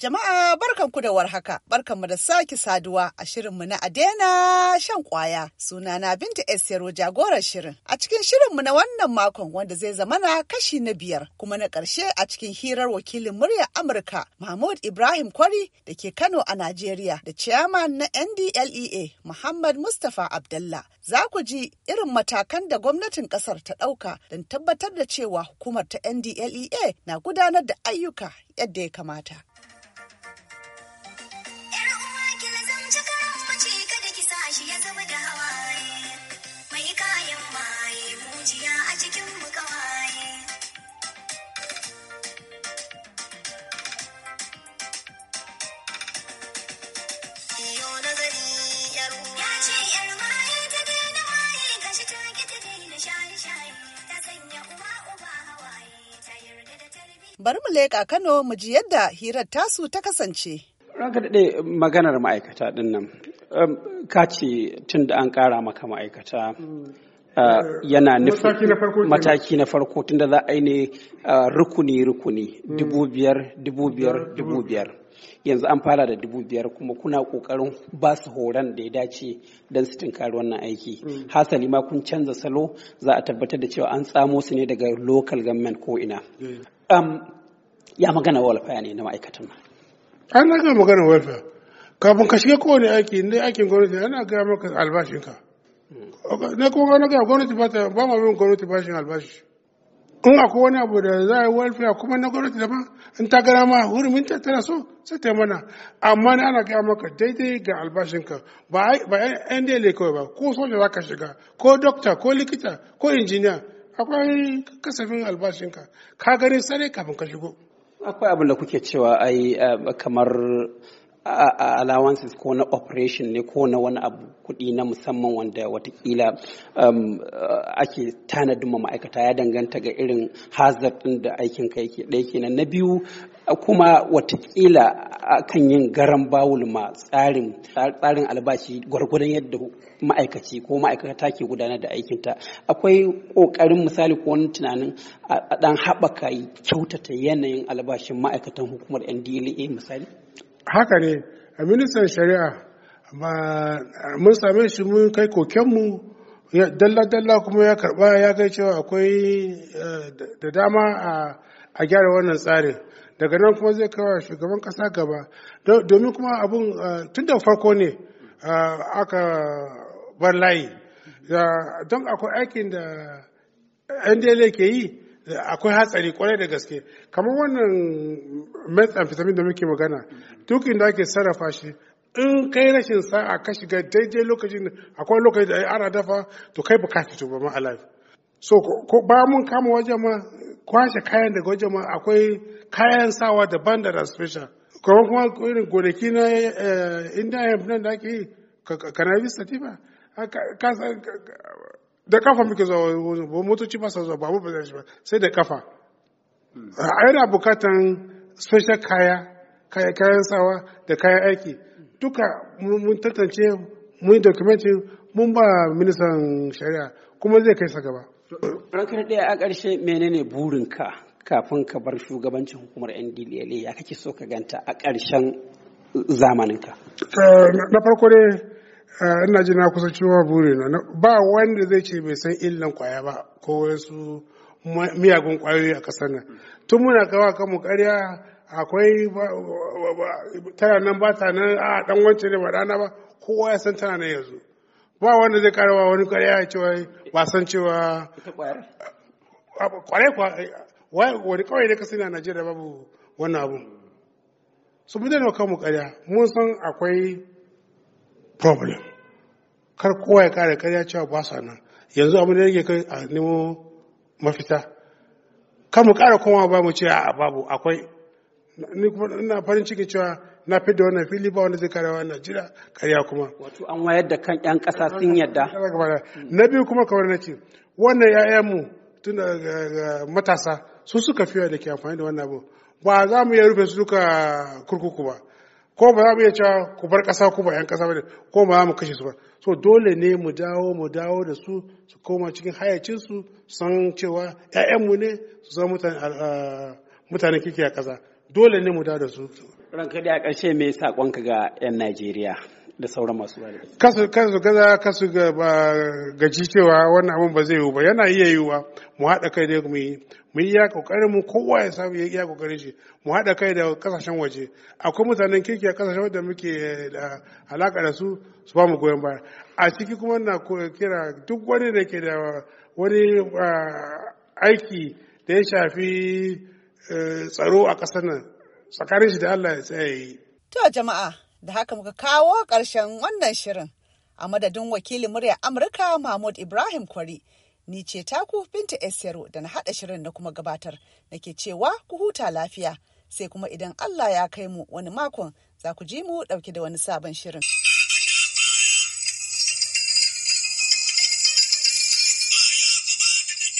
Jama'a barkanku da warhaka, barkanmu da sake saduwa a shirinmu na Adena shan kwaya. na Binta Esero jagorar shirin. A cikin shirinmu na wannan makon wanda zai zama zamana kashi na biyar kuma na ƙarshe a cikin hirar wakilin murya Amurka Mahmud Ibrahim Kwari da ke Kano a Najeriya da chairman na NDLEA Muhammad Mustapha abdullah Za ku ji irin matakan da gwamnatin ƙasar ta ɗauka don tabbatar da cewa hukumar ta NDLEA na gudanar da ayyuka yadda ya kamata. Bari mu leƙa Kano mu ji yadda hirar tasu ta kasance. Ranka daɗe maganar ma'aikata ɗin nan. Ka ce tun da an ƙara maka ma'aikata mm. Uh, yana nufin mataki na farko tunda za a yi ne rukuni-rukuni uh, hmm. dubu biyar dubu biyar dubu biyar yanzu an fara da dubu biyar kuma kuna kokarin ba su horon da ya dace don su tinkari wannan aiki hmm. hasali ma kun canza salo za a tabbatar da cewa an tsamo su ne daga local government ko ina hmm. um, ya magana walfaya ne na ma'aikatan an magana walfaya kafin ka shiga kowane aiki inda aikin gwamnati ana gaya maka albashinka na kuma na gaya gwamnati ba ta ba gwamnati bashin albashi in akwai wani abu da za a yi welfare kuma na gwamnati daban in ta gana ma hurumin ta tana so sai ta mana amma ne ana gaya maka daidai ga albashinka ba yan daidai kawai ba ko soja za ka shiga ko dokta ko likita ko injiniya akwai kasafin albashinka ka gani sare kafin ka shigo akwai abin da kuke cewa ai eh, kamar A allowances ko na operation ne ko na wani abu kuɗi na musamman wanda watakila um, uh, ake tanadin ma ma'aikata ya danganta ga irin hazard ɗin da aikin ka yake ɗaya kenan na biyu uh, kuma watakila akan yin garan bawul ma tsarin tsarin albashi gwargwadon yadda ma'aikaci ko ma'aikata ke gudanar da aikinta akwai ƙoƙarin misali ko wani tunanin a ɗan haɓaka kyautata yanayin albashin ma'aikatan hukumar ndla misali haka ne a ministan shari'a mun same shi mun kai kokenmu dalla-dalla kuma ya karba ya kai cewa akwai eh, da dama a gyara wannan tsarin daga nan kuma zai kawo shugaban kasa gaba domin kuma abun eh, tun da farko ne eh, aka bar layi don akwai aikin da 'yan ke yi akwai hatsari kwarai da gaske kamar wannan methamphetamine da muke magana duk da ake sarrafa shi in kai rashin sa'a ka shiga daidai lokacin akwai lokacin da ana dafa to kai baka fito ba ma alive so ko ba mun kama wajen ma kwashe kayan daga wajen ma akwai kayan sawa daban da special kamar kuma irin gonaki na eh, indian nan da ake yi cannabis sativa da kafa muke zuwa wajen ba motoci ba zuwa babu ba zai ba sai da kafa a yana bukatan special kaya kayan sawa da kayan aiki duka mun tantance mun yi documentin mun ba ministan shari'a kuma zai kai sa gaba rankin ɗaya a ƙarshe menene burinka kafin ka bar shugabancin hukumar ndla ya kake so ka ganta a ƙarshen zamaninka eh, na farko dai Eh, ina ji na kusa cewa buri na ba wanda zai ce bai san illan kwaya ba ko wasu miyagun kwayoyi a kasar nan tun muna kawa kanmu karya akwai tana nan ba ta nan a dan wance ne ba dana ba kowa ya san tana nan yanzu ba wanda zai karawa wani karya ya cewa ba san cewa kwarai kwarai wani kawai da kasina na Najeriya babu wannan abu su bude da kanmu karya mun san akwai problem kar kowa ya kare kariya cewa ba sa nan yanzu abin da yake kai a nemo mafita kan mu kara komawa ba mu ce a babu akwai ni kuma ina farin ciki cewa na fi da wannan fili ba wanda zai kare wa Najeriya kariya kuma wato an wayar da kan yan kasa sun yadda na biyu kuma kamar na ce wannan yayan mu tun matasa su suka fiye da ke amfani da wannan abu ba za mu iya rufe su duka kurkuku ba ko ba za mu iya cewa ku bar ƙasa ku ba 'yan ƙasa ba ko ba za mu kashe su ba so dole ne mu dawo mu dawo da su su koma cikin hayacinsu san cewa 'ya'yanmu ne su zama mutane kike a ƙasa dole ne mu dawo da su ranka da ƙarshe me ka ga 'yan najeriya da sauran masu kasu gaza kasu gaji cewa wannan abin ba zai yiwu ba yana iya yiwuwa mu haɗa kai da mu yi mu yi ya kokarin mu kowa ya samu ya iya ƙoƙarin shi mu haɗa kai da kasashen waje akwai mutanen kirki a kasashen waje da muke da alaƙa da su su ba mu goyon baya a ciki kuma na kira duk wani da ke da wani aiki da ya shafi eh, tsaro a ƙasar nan tsakanin shi da Allah ya tsaye yi. To jama'a da haka muka kawo ƙarshen wannan shirin a madadin wakilin murya amurka mahmud ibrahim kwari ni ce taku binta esero da na haɗa shirin na kuma gabatar nake cewa ku huta lafiya sai kuma idan allah ya kai mu wani makon za ku ji mu ɗauke da wani sabon shirin.